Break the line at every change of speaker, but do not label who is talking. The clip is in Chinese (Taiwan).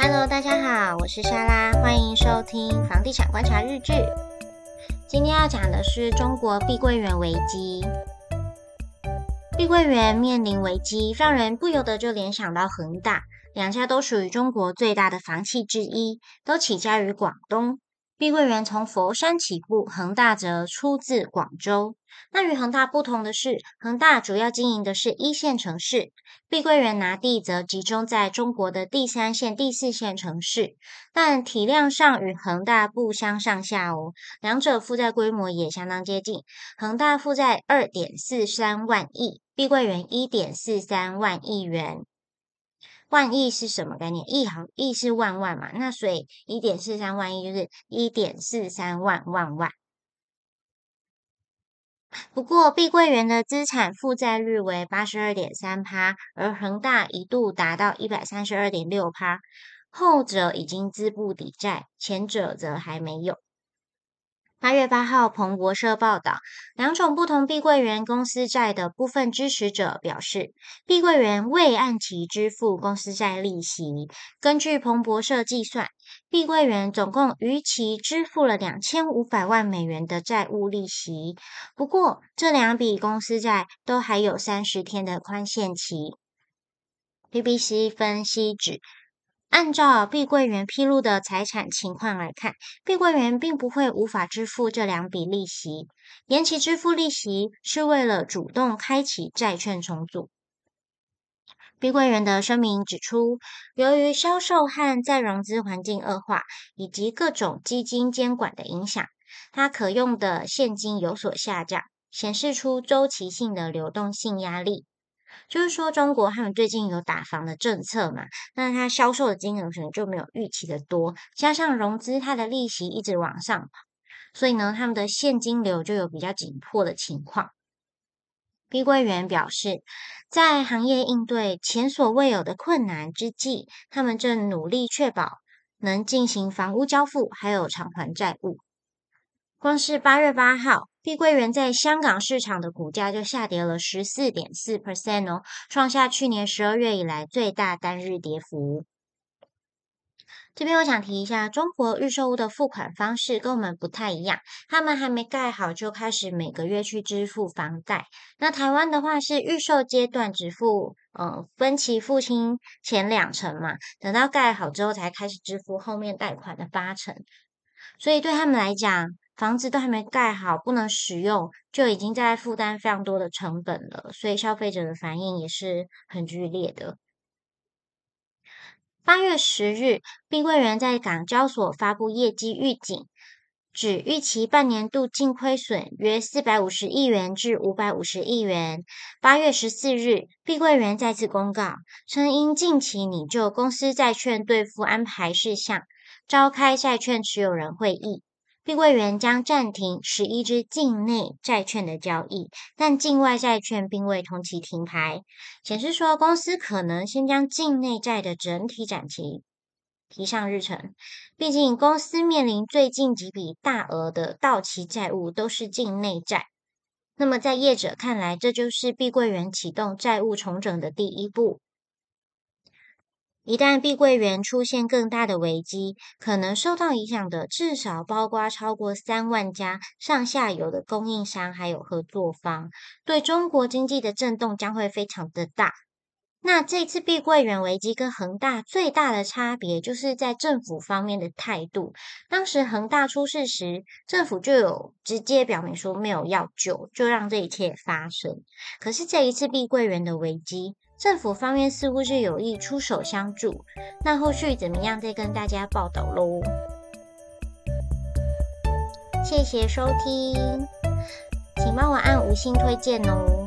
哈嘍，Hello, 大家好，我是莎拉，歡迎收聽房地產觀察日誌，今天要講的是中國碧桂園危機。碧桂園面臨危機，讓人不由得就聯想到恆大，兩家都屬於中國最大的房企之一，都起家於廣東。碧桂園從佛山起步，恆大則出自廣州。那與恆大不同的是，恆大主要經營的是一線城市，碧桂園拿地則集中在中國的第三線、第四線城市。但體量上與恆大不相上下哦，兩者負債規模也相當接近。恆大負債二點四三萬億，碧桂園一點四三萬億元。萬億是什麼概念？億好，億是萬萬嘛，那所以一點四三萬億就是一點四三萬萬萬。不過，碧桂園的資產負債率為八十二點三趴，而恆大一度達到一百三十二點六趴，後者已經資不抵債，前者則還沒有。八月八號，彭博社報道，兩種不同碧桂園公司債的部分支持者表示，碧桂園未按期支付公司債利息。根據彭博社計算，碧桂園總共逾期支付了兩千五百萬美元的債務利息。不過，這兩筆公司債都還有三十天的寬限期。BBC 分析指，按照碧桂園披露的財產情況來看，碧桂園並不會無法支付這兩筆利息。延期支付利息是為了主動開啟債券重組。碧桂園的聲明指出，由於銷售和再融資環境惡化，以及各種資金監管的影響，它可用的現金有所下降，顯示出周期性的流動性壓力。就是說，中國他們最近有打房的政策嘛，那他銷售的金額可能就沒有預期的多，加上融資它的利息一直往上跑，所以呢，他們的現金流就有比較緊迫的情況。碧桂園表示，在行業應對前所未有的困難之際，他們正努力確保能進行房屋交付，還有償還債務。光是八月八號，碧桂園在香港市場的股價就下跌了十四點四 percent 哦，創下去年十二月以來最大單日跌幅。這邊我想提一下，中國預售屋的付款方式跟我們不太一樣，他們還沒蓋好就開始每個月去支付房貸。那台灣的話是預售階段支付，嗯、呃，分期付清前兩成嘛，等到蓋好之後才開始支付後面貸款的八成，所以對他們來講。房子都還沒蓋好，不能使用，就已經在負擔非常多的成本了，所以消費者的反應也是很劇烈的。八月十日，碧桂園在港交所發布業績預警，指預期半年度淨虧損約四百五十億元至五百五十億元。八月十四日，碧桂園再次公告，稱因近期擬就公司債券兌付安排事項，召開債券持有人會議。碧桂園將暫停十一隻境內債券的交易，但境外債券並未同期停牌。顯示說，公司可能先將境內債的整體展期提上日程。畢竟，公司面臨最近幾筆大額的到期債務都是境內債。那麼，在業者看來，這就是碧桂園啟動債務重整的第一步。一旦碧桂園出現更大的危機，可能受到影響的至少包括超過三萬家上下游的供應商還有合作方，對中國經濟的震動將會非常的大。那這次碧桂園危機跟恆大最大的差別，就是在政府方面的態度。當時恆大出事時，政府就有直接表明說沒有要救，就讓這一切發生。可是這一次碧桂園的危機。政府方面似乎是有意出手相助，那後續怎麼樣？再跟大家報道嘍。謝謝收聽，請幫我按五星推薦哦。